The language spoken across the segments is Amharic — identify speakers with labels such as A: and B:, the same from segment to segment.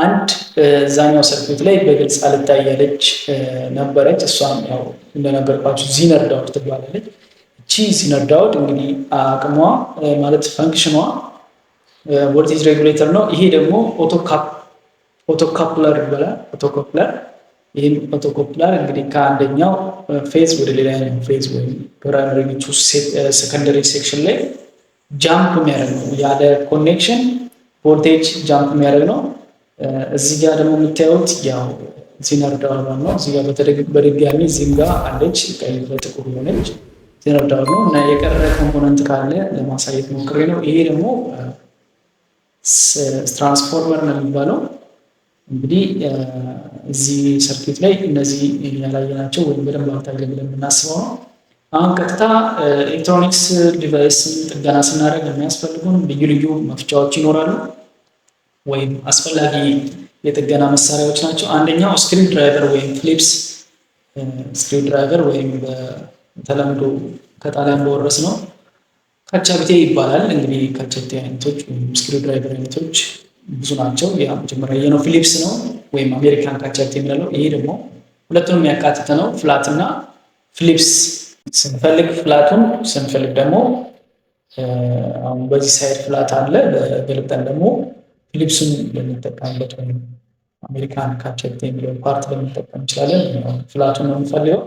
A: አንድ እዛኛው ሰርኪት ላይ በግልጽ አልታያለች ነበረች። እሷም ያው እንደነገርኳችሁ ዚነር ዳውድ ትባላለች። እቺ ዚነር ዳውድ እንግዲህ አቅሟ ማለት ፈንክሽኗ ቮልቴጅ ሬጉሌተር ነው። ይሄ ደግሞ ኦቶካፕለር ይባላል። ኦቶኮፕለር ይህም ኦቶኮፕለር እንግዲህ ከአንደኛው ፌዝ ወደ ሌላኛው ፌዝ ወይም ፕራይመሪ ሴኮንደሪ ሴክሽን ላይ ጃምፕ የሚያደርግ ነው። ያለ ኮኔክሽን ቮልቴጅ ጃምፕ የሚያደርግ ነው። እዚህ ጋር ደግሞ የምታዩት ያው ዜነር ዳውር ነው። እዚህ ጋር በድጋሚ እዚህም ጋር አለች ቀይ በጥቁር የሆነች ዚነር ዳውር ነው እና የቀረ ኮምፖነንት ካለ ለማሳየት ሞክሬ ነው። ይሄ ደግሞ ትራንስፎርመር ነው የሚባለው። እንግዲህ እዚህ ሰርኪት ላይ እነዚህ ያላየናቸው ወይም በደንብ አታገለ ብለን የምናስበው ነው። አሁን ቀጥታ ኤሌክትሮኒክስ ዲቫይስን ጥገና ስናደርግ የሚያስፈልጉን ልዩ ልዩ መፍቻዎች ይኖራሉ። ወይም አስፈላጊ የጥገና መሳሪያዎች ናቸው። አንደኛው ስክሪን ድራይቨር ወይም ፊሊፕስ ስክሪን ድራይቨር ወይም በተለምዶ ከጣሊያን በወረስ ነው ካቻቢቴ ይባላል። እንግዲህ ካቻቢቴ አይነቶች ወይም ስክሪን ድራይቨር አይነቶች ብዙ ናቸው። ያ መጀመሪያ የነው ፊሊፕስ ነው ወይም አሜሪካን ካቻቢቴ የምንለው ይሄ ደግሞ ሁለቱንም የሚያካትተ ነው። ፍላት እና ፊሊፕስ ስንፈልግ ፍላቱን ስንፈልግ ደግሞ አሁን በዚህ ሳይድ ፍላት አለ። በግልጠን ደግሞ ፊሊፕስን የምንጠቀምበት ወይም አሜሪካን ካቸት የሚለው ፓርት ልንጠቀም እንችላለን። ፍላቱን ነው የምፈልገው።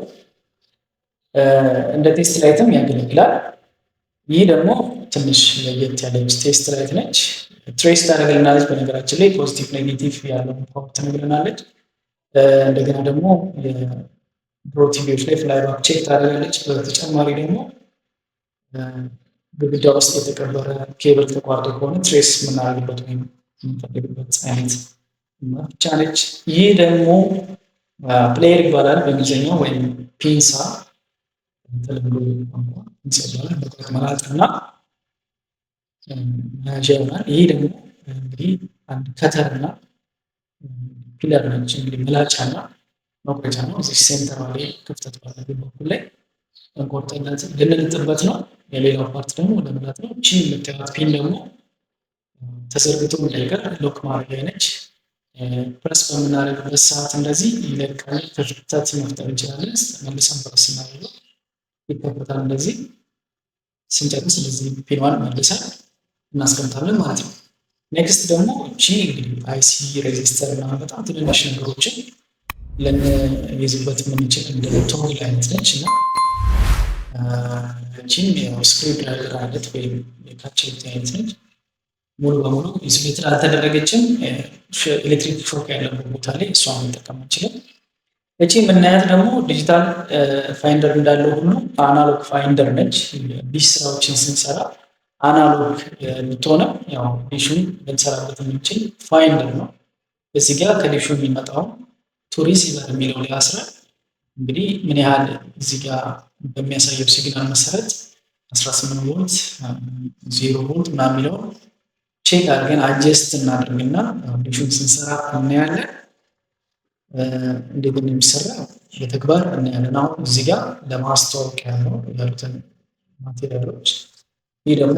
A: እንደ ቴስት ላይትም ያገለግላል። ይህ ደግሞ ትንሽ ለየት ያለች ቴስት ላይት ነች። ትሬስ ታደርግልናለች። በነገራችን ላይ ፖዚቲቭ ኔጌቲቭ ያለው ፓወር ትነግረናለች። እንደገና ደግሞ ቲቪዎች ላይ ፍላይባክ ቼክ ታደርጋለች። በተጨማሪ ደግሞ ግድግዳ ውስጥ የተቀበረ ኬብል ተቋርጦ ከሆነ ትሬስ የምናደርግበት ወይም የምንፈልግበት አይነት መፍቻ ነች። ይህ ደግሞ ፕሌየር ይባላል በእንግሊዝኛው ወይም ፒንሳ ተለምዶ ቋንቋ ፒንሳ ይባላል። በቁጥር መላጥ እና መያዣ ይሆናል። ይህ ደግሞ እንግዲህ አንድ ከተር እና ፒለር ነች። እንግዲህ መላጫ እና መቁረጫ ነው። እዚህ ሴንተር ላይ ክፍተት ባለበት በኩል ላይ ቆርጠነት ልንልጥበት ነው። የሌላው ፓርት ደግሞ ለመላጥ ነው። ቺ የምታዩት ፒን ደግሞ ተዘርግቶ እንዳይቀር ሎክ ማድረጊያ ነች። ፕረስ በምናደርግበት ሰዓት እንደዚህ ይለቃል። ክፍተት መፍጠር እንችላለን። መልሰን ፕረስ ስናደርገው ይከፈታል። እንደዚህ ስንጨርስ እንደዚህ ፒንዋን መልሰን እናስቀምጣለን ማለት ነው። ኔክስት ደግሞ እቺ እንግዲህ አይሲ ሬጂስተር እና በጣም ትንንሽ ነገሮችን ልንይዝበት የምንችል እንደ ቶግል አይነት ነች እና እቺም ስክሪው ድራይቨር አለት ወይም የካቸ አይነት ነች ሙሉ በሙሉ ኢንሱሌትድ አልተደረገችም። ኤሌክትሪክ ሾክ ያለበት ቦታ ላይ እሷ መጠቀም አንችልም። እቺ የምናያት ደግሞ ዲጂታል ፋይንደር እንዳለው ሁሉ አናሎግ ፋይንደር ነች። ቢስ ስራዎችን ስንሰራ አናሎግ የምትሆነው ያው ዲሹን ልንሰራበት የምንችል ፋይንደር ነው። እዚህ ጋር ከዲሹ የሚመጣው ቱሪስ ይበር የሚለው ላይ አስራ እንግዲህ ምን ያህል እዚህ ጋር በሚያሳየው ሲግናል መሰረት 18 ቮልት፣ 0 ቮልት ምናምን የሚለውን ቼክ አድርገን አጀስት እናደርግና አፕሊኬሽን ስንሰራ እናያለን። እንዴት እንደሚሰራ በተግባር እናያለን። አሁን እዚህ ጋር ለማስታወቂያ ነው ያሉትን ማቴሪያሎች ይህ ደግሞ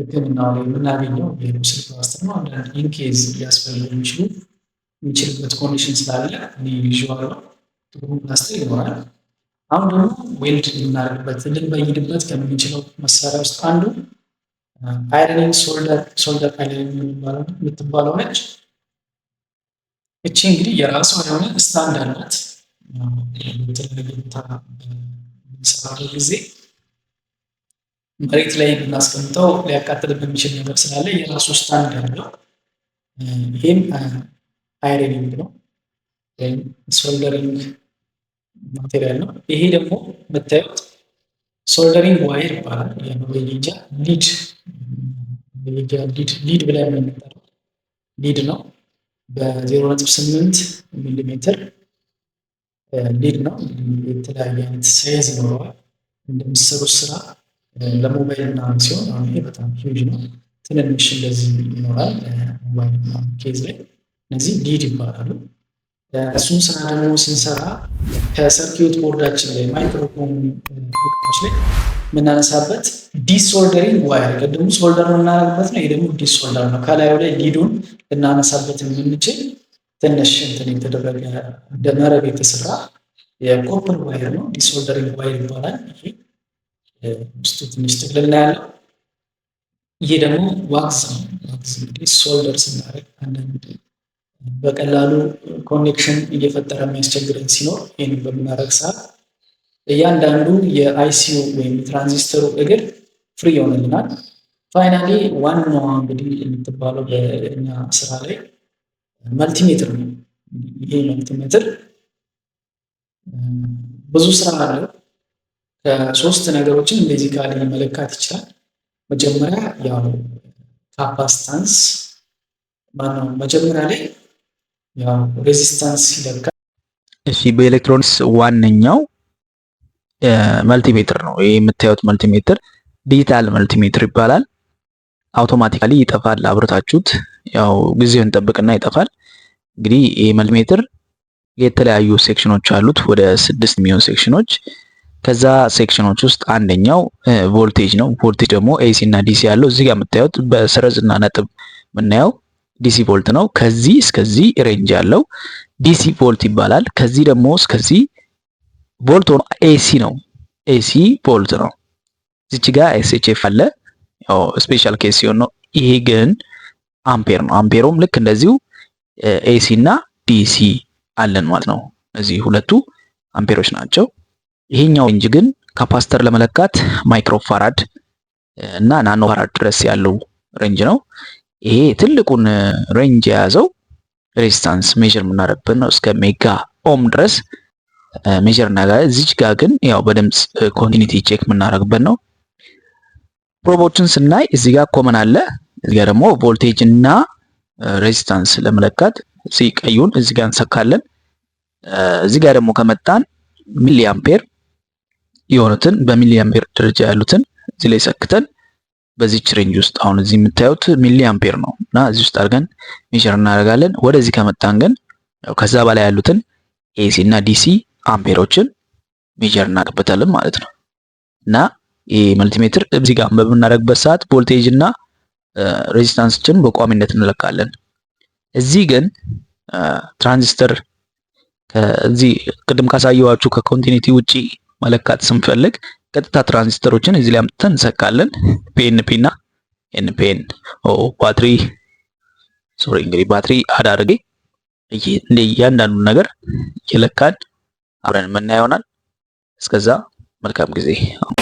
A: ሕክምና ላይ የምናገኘው የቁስል ፕላስተር ነው። አንዳንድ ኢንኬዝ ሊያስፈልጉ የሚችሉ የሚችልበት ኮንዲሽን ስላለ እኔ ነው ጥሩ ፕላስተር ይኖራል። አሁን ደግሞ ዌልድ ልናደርግበት ልንበይድበት ከምንችለው መሳሪያ ውስጥ አንዱ አይረኒንግ ሶልደር ሶልደር አይላይን የሚባለው የምትባለው ነች። እቺ እንግዲህ የራሷ የሆነ ስታንዳርድ ናት። የተለያየ ቦታ በምንሰራበት ጊዜ መሬት ላይ ብናስቀምጠው ሊያቃጥል በሚችል ነገር ስላለ የራሱ ስታንዳርድ ነው። ይህም አይረኒንግ ነው ወይም ሶልደሪንግ ማቴሪያል ነው። ይሄ ደግሞ የምታዩት ሶልደሪንግ ዋይር ይባላል። የመበየጃ ሊድ ሊድ ሊድ ብለን የምንጠራው ሊድ ነው። በ በ0.8 ስምንት ሚሊሜትር ሊድ ነው። የተለያየ አይነት ሳይዝ ይኖረዋል። እንደሚሰሩት ስራ ለሞባይል ምናምን ሲሆን አሁን ይሄ በጣም ሂውጅ ነው። ትንንሽ እንደዚህ ይኖራል ሞባይል ኬዝ ላይ እነዚህ ሊድ ይባላሉ። እሱን ስራ ደግሞ ስንሰራ ከሰርኪዩት ቦርዳችን ላይ ማይክሮፎን እቃዎች ላይ የምናነሳበት ዲስኦርደሪንግ ዋይር ቅድሙ ሶልደር የምናደርግበት ነው። ይህ ደግሞ ዲስሶልደር ነው። ከላዩ ላይ ሊዱን ልናነሳበት የምንችል ትንሽ እንትን የተደረገ እንደ መረብ የተሰራ የኮፐር ዋይር ነው። ዲስኦርደሪንግ ዋይር ይባላል። ውስጡ ትንሽ ጥቅልና ያለው ይሄ ደግሞ ዋክስ ነው። ዋክስ እንግዲህ ሶልደር ስናደርግ አንዳንድ በቀላሉ ኮኔክሽን እየፈጠረ የሚያስቸግረን ሲኖር ይህን በምናደርግ ሰዓት እያንዳንዱ የአይሲዩ ወይም የትራንዚስተሩ እግር ፍሪ ይሆንልናል። ፋይናሊ ዋናዋ እንግዲህ የምትባለው በእኛ ስራ ላይ መልቲሜትር ነው። ይሄ መልቲሜትር ብዙ ስራ አለው። ከሶስት ነገሮችን እንደዚህ ካለ መለካት ይችላል። መጀመሪያ ያው ካፓስታንስ ማነው መጀመሪያ ላይ ያው ሬዚስታንስ ይለካል። እሺ በኤሌክትሮኒክስ ዋነኛው መልቲሜትር ነው። ይሄ የምታዩት መልቲሜትር ዲጂታል መልቲሜትር ይባላል። አውቶማቲካሊ ይጠፋል። አብርታችሁት ያው ጊዜውን ጠብቅና ይጠፋል። እንግዲህ ይሄ መልቲሜትር የተለያዩ ሴክሽኖች አሉት፣ ወደ ስድስት የሚሆን ሴክሽኖች። ከዛ ሴክሽኖች ውስጥ አንደኛው ቮልቴጅ ነው። ቮልቴጅ ደግሞ ኤሲ እና ዲሲ ያለው እዚህ ጋር የምታዩት በሰረዝና ነጥብ የምናየው ዲሲ ቮልት ነው። ከዚህ እስከዚህ ሬንጅ ያለው ዲሲ ቮልት ይባላል። ከዚህ ደግሞ እስከዚህ ቮልት ሆኖ ኤሲ ነው። ኤሲ ቮልት ነው። እዚች ጋር ኤስኤችኤፍ አለ፣ ስፔሻል ኬስ ሲሆን ነው። ይሄ ግን አምፔር ነው። አምፔሩም ልክ እንደዚሁ ኤሲ እና ዲሲ አለን ማለት ነው። እዚህ ሁለቱ አምፔሮች ናቸው። ይሄኛው ሬንጅ ግን ካፓስተር ለመለካት ማይክሮፋራድ እና ናኖ ፋራድ ድረስ ያለው ሬንጅ ነው። ይሄ ትልቁን ሬንጅ uh, የያዘው ሬዚስታንስ ሜዥር የምናደርግበት ነው እስከ ሜጋ ኦም ድረስ ሜጀር uh, እናደርጋለን። እዚች ጋር ግን ያው በድምፅ ኮንቲኒቲ ቼክ የምናደርግበት ነው። ፕሮቦችን ስናይ እዚህ ጋር ኮመን አለ። እዚህ ጋር ደግሞ ቮልቴጅ እና ሬዚስታንስ uh, ለመለካት እዚህ ቀዩን እዚህ ጋር እንሰካለን። እዚህ ጋር ደግሞ ከመጣን ሚሊ አምፔር የሆኑትን በሚሊ አምፔር ደረጃ ያሉትን እዚህ ላይ ሰክተን በዚች ሬንጅ ውስጥ አሁን እዚህ የምታዩት ሚሊ አምፔር ነው እና እዚህ ውስጥ አድርገን ሜዥር እናደርጋለን። ወደዚህ ከመጣን ግን ከዛ በላይ ያሉትን ኤሲ እና ዲሲ አምፔሮችን ሜዥር እናቅበታለን ማለት ነው እና ይህ መልቲሜትር እዚህ ጋር በምናደርግበት ሰዓት ቮልቴጅ እና ሬዚስታንስችን በቋሚነት እንለካለን። እዚህ ግን ትራንዚስተር ከዚህ ቅድም ካሳየዋችሁ ከኮንቲኒቲ ውጪ መለካት ስንፈልግ ቀጥታ ትራንዚስተሮችን እዚህ ላይ አምጥተን እንሰካለን። ፒኤንፒ እና ኤንፒኤን ባትሪ ሶሪ እንግዲህ ባትሪ አድ አድርጌ እንደ እያንዳንዱ ነገር እየለካን አብረን የምናየው ይሆናል። እስከዛ መልካም ጊዜ።